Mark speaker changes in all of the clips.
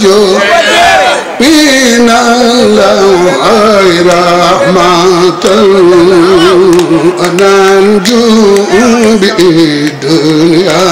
Speaker 1: jo pina lau ay rahmatan anan bi dunya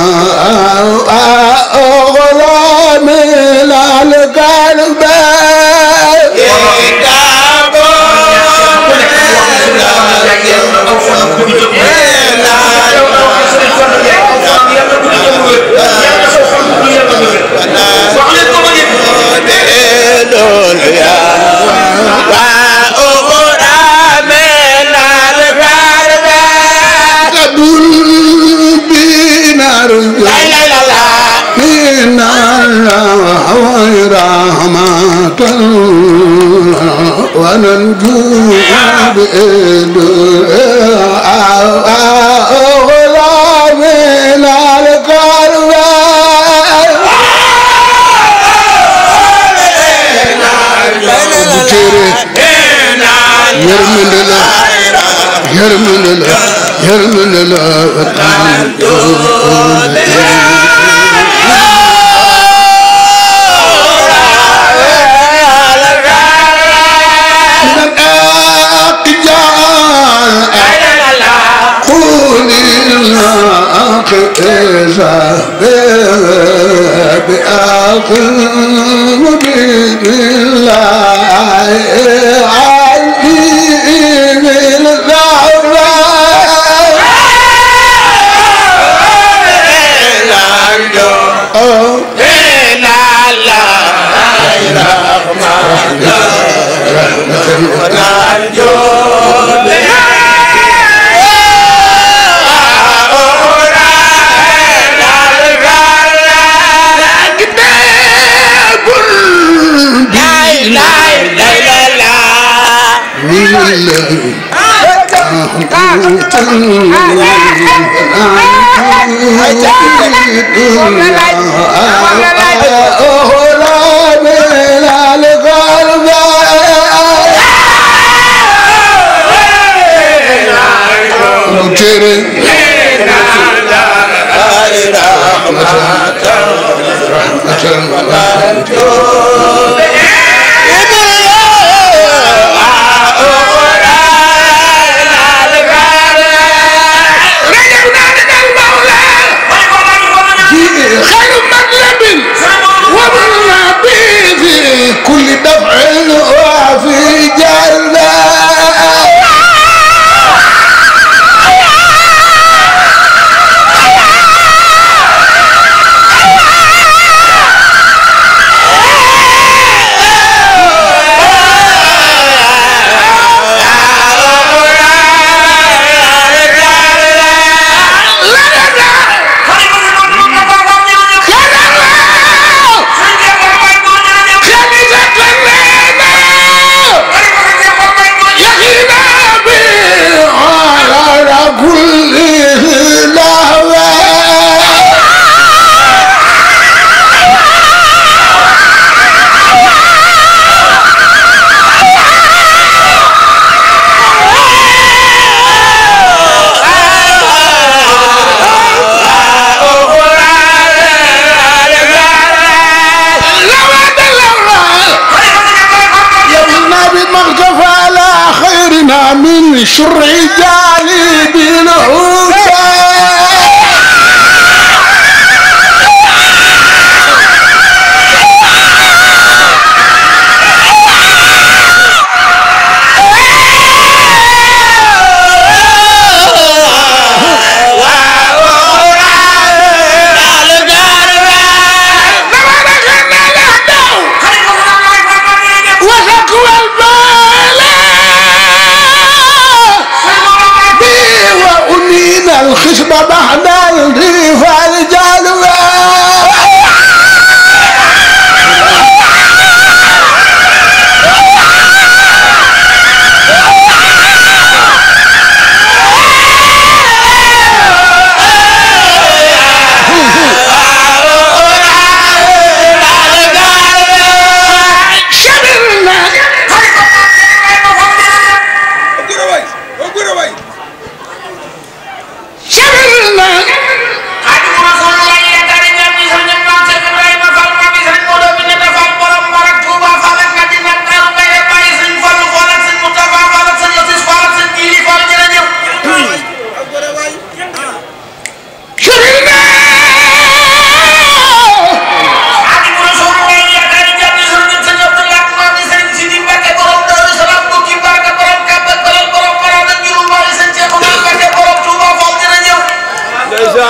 Speaker 1: حماة وننجو بإدعاء غلامنا القربان يرمن الله يرمن الله يرمن الله إذا بأقل مبين الله चङा شرعي جالي بنعود الخشبة محنا يضيف الجلوة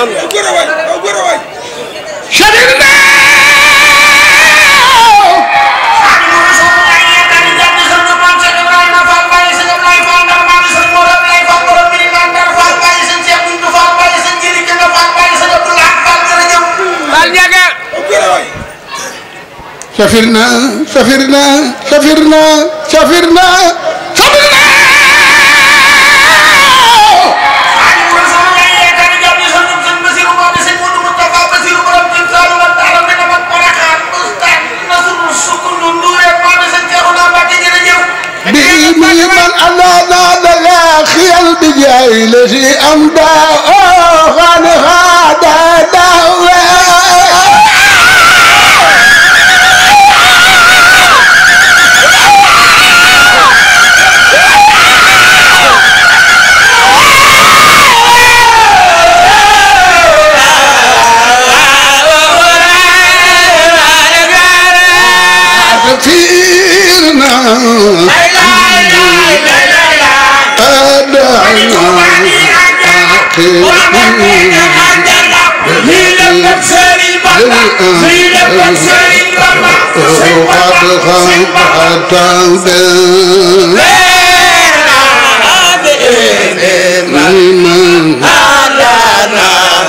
Speaker 1: alquran سافرنا سافرنا سافرنا سافرنا ليلتي أمضى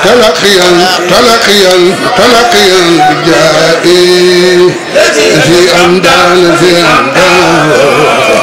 Speaker 1: تلقيا تلقيا تلقيا جائي في أمدال في أمدال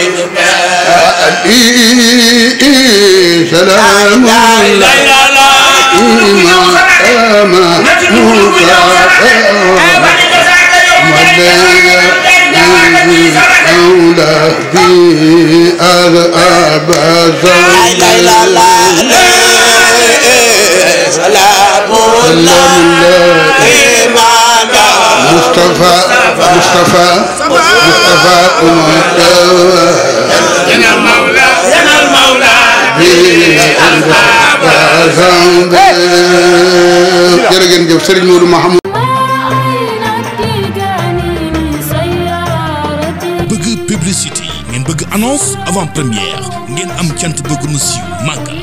Speaker 1: سلام إمام مدى أولى في أرأب سلام الله إمام مصطفى مصطفى مصطفى أمك يا المولى يا المولى jërëjëf Serigne Modou Mahamoud bëgg publicité ngeen bëgg annonce avant première ngeen am cant bëgg mu siiw màggal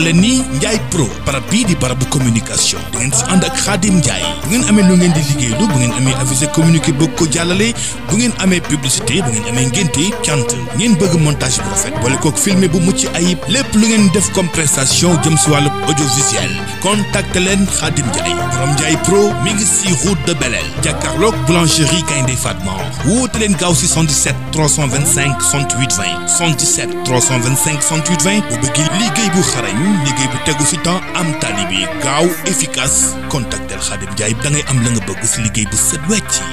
Speaker 1: leen ni Ndiaye Pro barab bii di barabu communication di ngeen si ànd ak Khadim Ndiaye bu ngeen amee lu ngeen di liggéeylu bu ngeen amee avisé communiqué bëgg ko jàllale bu ngeen amee publicité bu ngeen amee ngénte cant ngeen bëgg montage bu boole kook filmé bu mucc ayib lépp lu ngeen def comme prestation si wàllu audiovisuel contacte leen Khadim Ndiaye borom Ndiaye Pro mi ngi si route de Belel jàkkaarloog boulangerie Gaynde Fatma wóote leen gaaw si 77 325 68 20 77 325 68 bu liggéey liggéey bu tegu fi temps am tali bi gaaw efficace contactel Khadim Ndiaye da ngay am la nga bëgg si liggéey bu set wecc